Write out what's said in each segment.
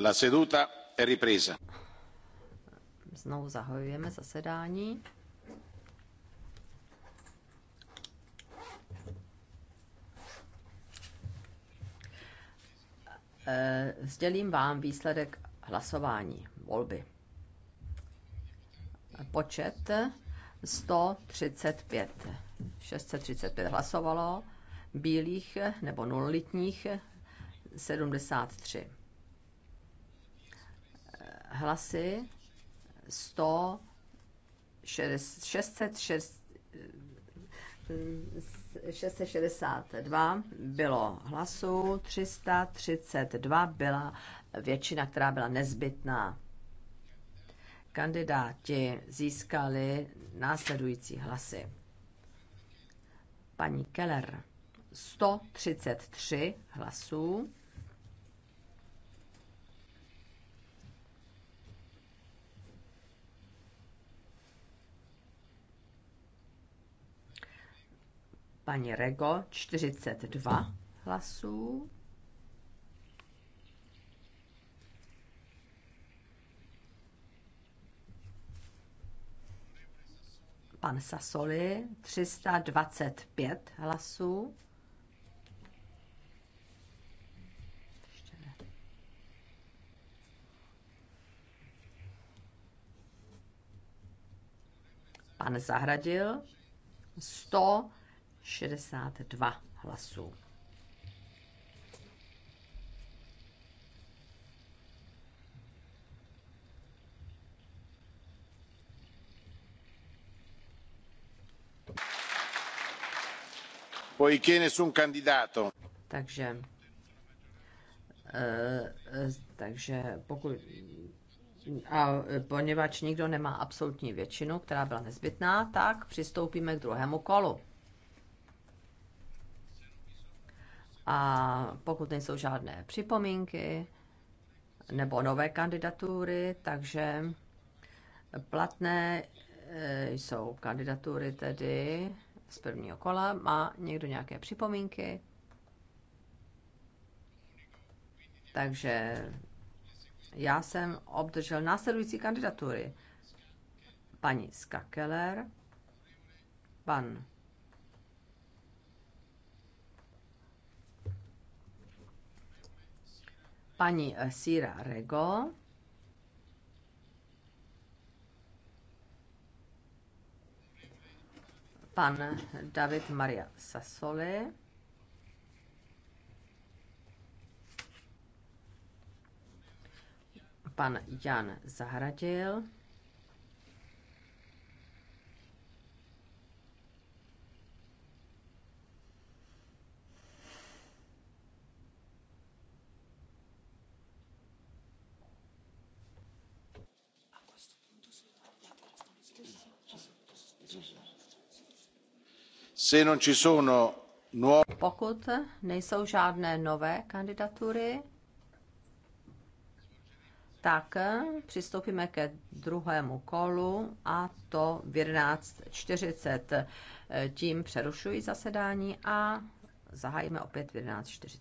La seduta è ripresa. Znovu zahajujeme zasedání. Eh, sdělím vám výsledek hlasování, volby. Počet 135. 635 hlasovalo, bílých nebo nulitních 73 hlasy 100, 662 bylo hlasů, 332 byla většina, která byla nezbytná. Kandidáti získali následující hlasy. Paní Keller 133 hlasů, paní Rego 42 hlasů. Pan Sasoli 325 hlasů. Pan Zahradil 100 62 hlasů. poiché nessun candidato. Takže, eh, eh, takže pokud a eh, poněvadž nikdo nemá absolutní většinu, která byla nezbytná, tak přistoupíme k druhému kolu. A pokud nejsou žádné připomínky nebo nové kandidatury, takže platné eh, jsou kandidatury tedy z prvního kola. Má někdo nějaké připomínky? Takže já jsem obdržel následující kandidatury. Paní Skakeler, pan paní eh, Sira Rego. Pan David Maria Sasoli. Pan Jan Zahradil. Pokud nejsou žádné nové kandidatury, tak přistoupíme ke druhému kolu a to v 11.40. Tím přerušuji zasedání a zahájíme opět v 11.40.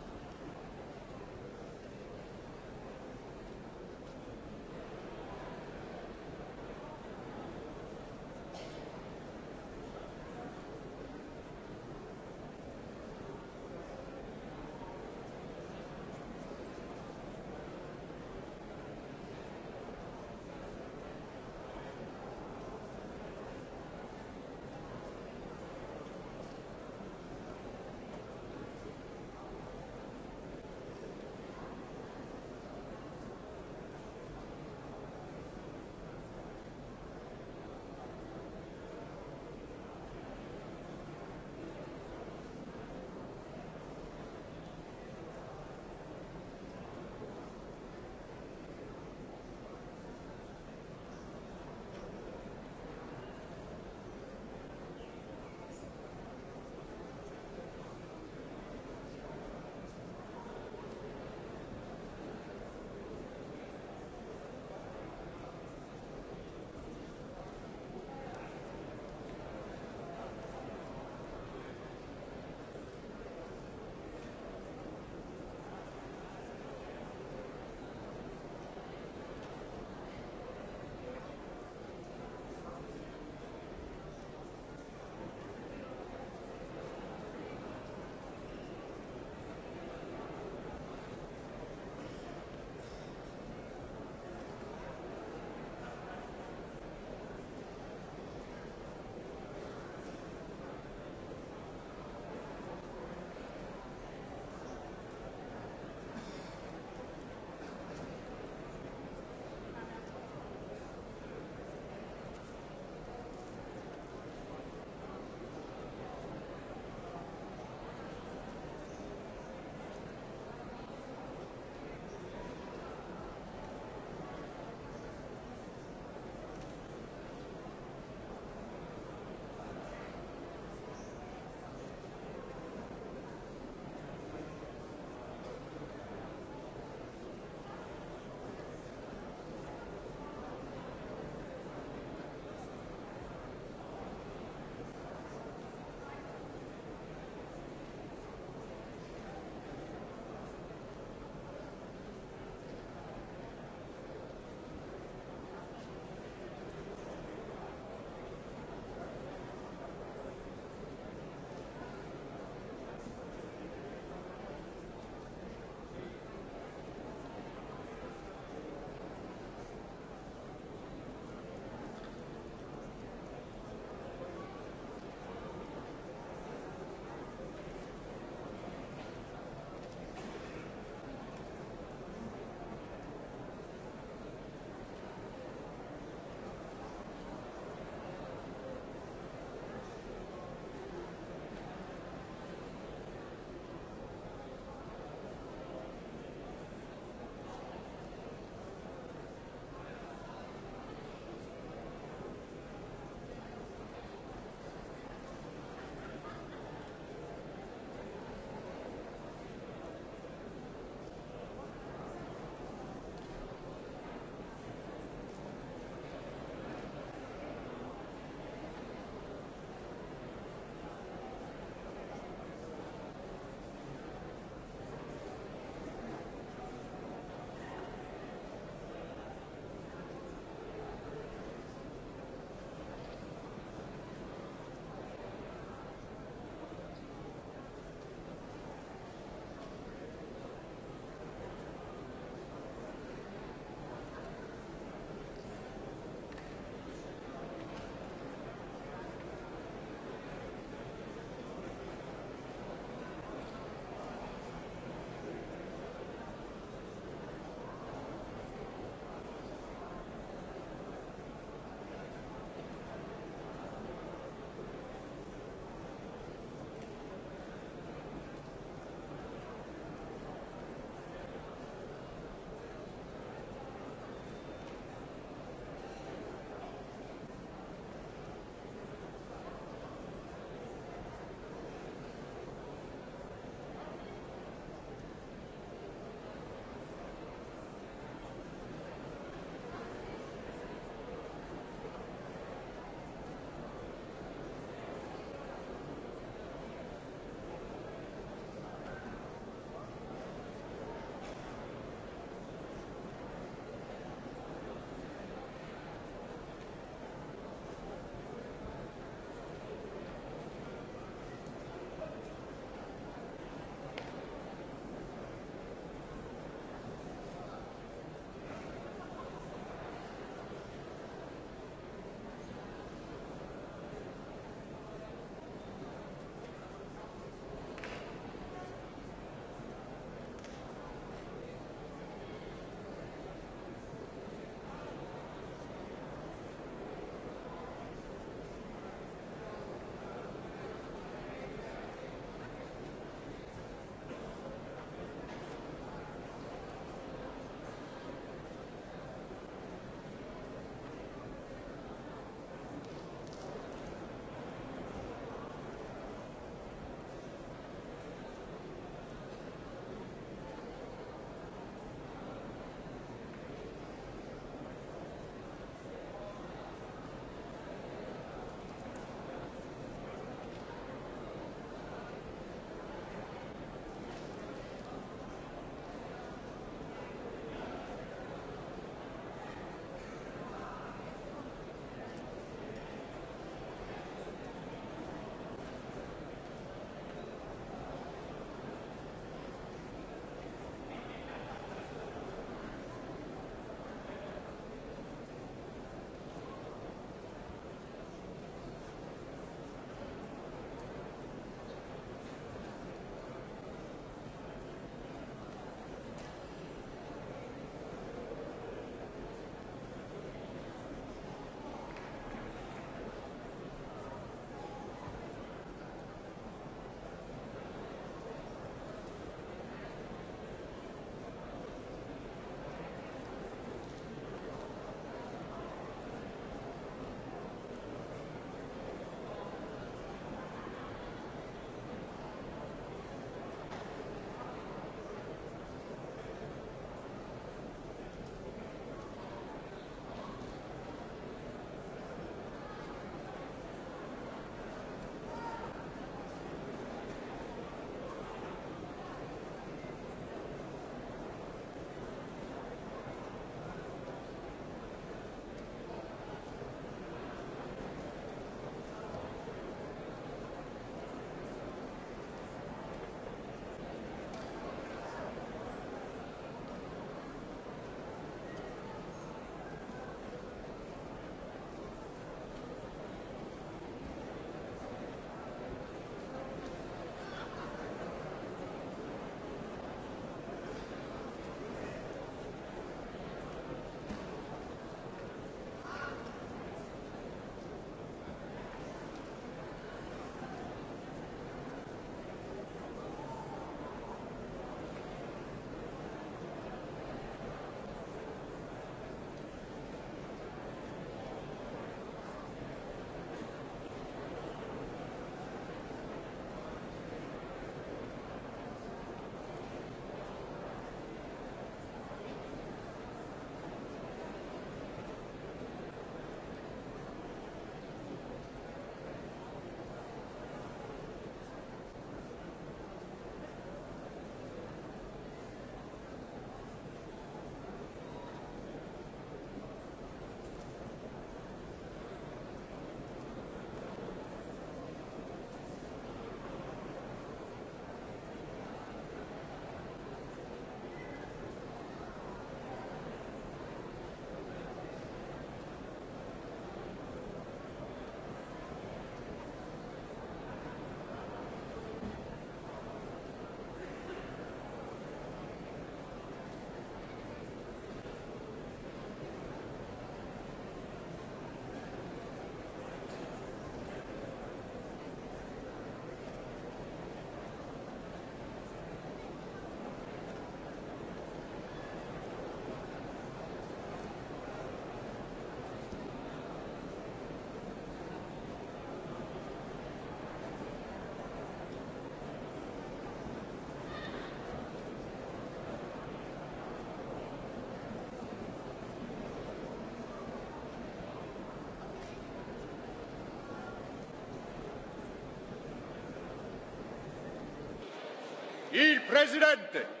presidente!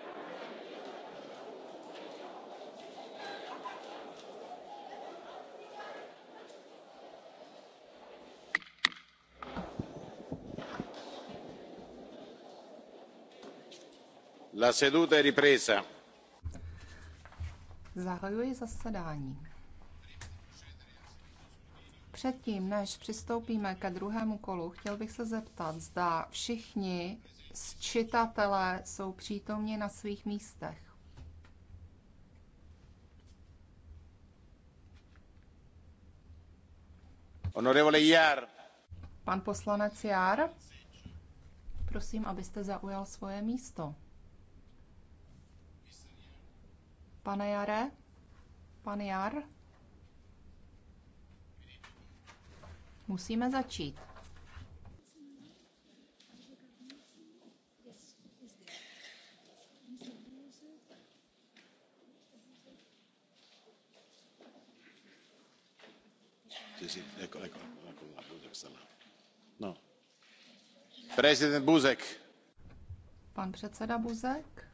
La seduta è ripresa. Zahajuji zasedání. Předtím, než přistoupíme ke druhému kolu, chtěl bych se zeptat, zda všichni sčitatelé jsou přítomni na svých místech. Honorevole Jár. Pan poslanec Jár, prosím, abyste zaujal svoje místo. Pane Jare? Pan Jar? Musíme začít. čtyři jako, jako, jako, no. Buzek Pan předseda Buzek.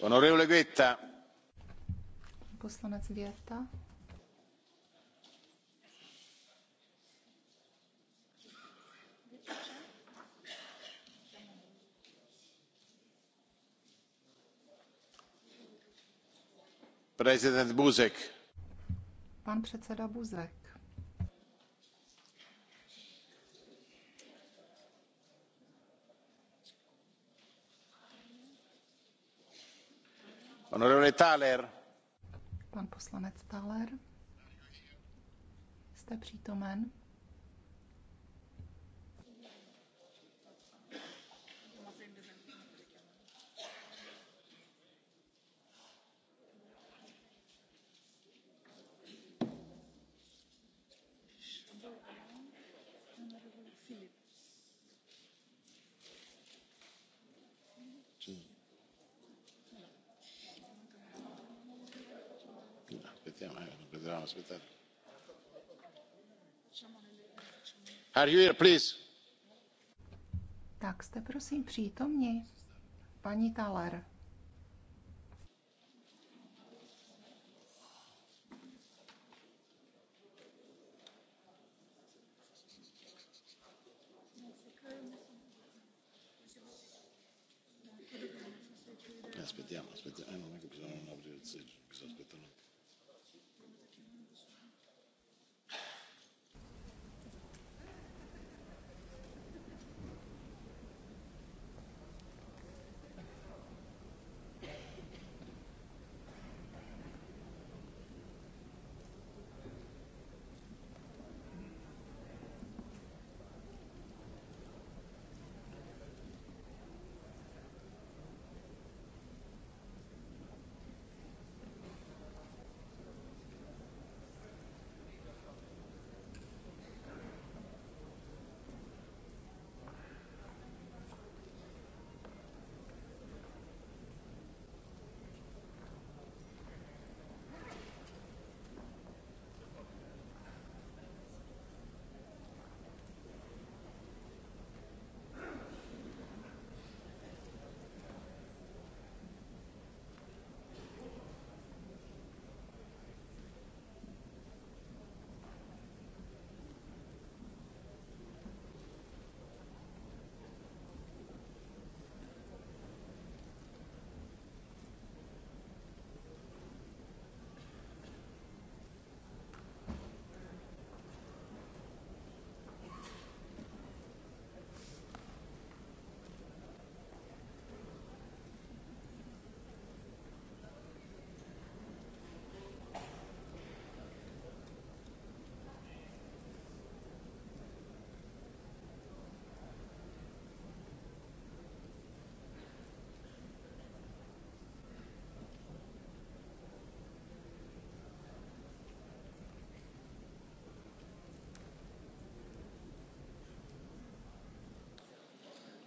Onorevole Guetta poslanec Věrta. Prezident Buzek. Pan předseda Buzek. Honorable Thaler Pan poslanec Taler. Jste přítomen? hospital. Are you here, please? Tak jste prosím přítomni, paní Taler.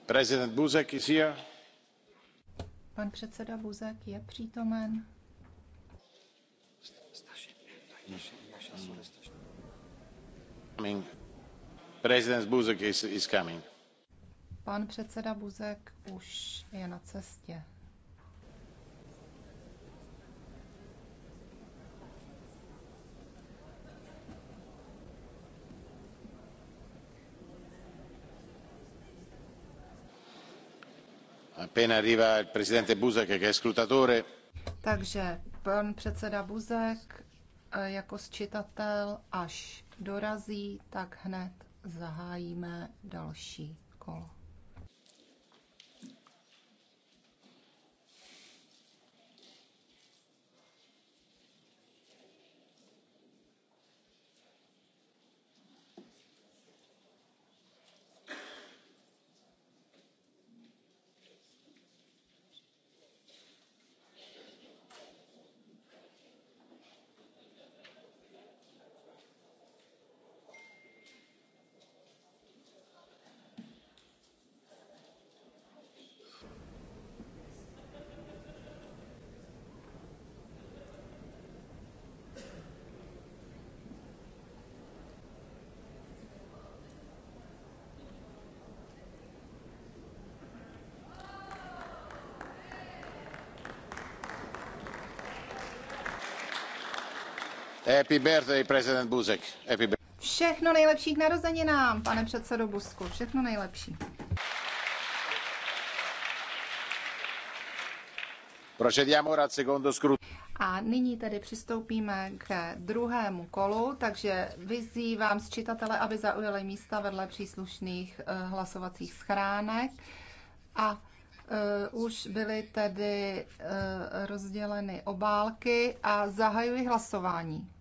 President Buzek is here. Pan předseda Buzek je přítomen. Coming. President Buzek is, is coming. Pan předseda Buzek už je na cestě. Buzek, Takže pan předseda Buzek eh, jako sčítatel, až dorazí, tak hned zahájíme další kolo. Happy birthday, Buzek. Happy birthday. Všechno nejlepší k narozeninám, pane předsedo Busku. Všechno nejlepší. Procediamo ora secondo scrutinio. A nyní tedy přistoupíme k druhému kolu, takže vyzývám sčítatele, aby zaujali místa vedle příslušných eh, hlasovacích schránek. A uh, už byly tedy uh, rozděleny obálky a zahajuji hlasování.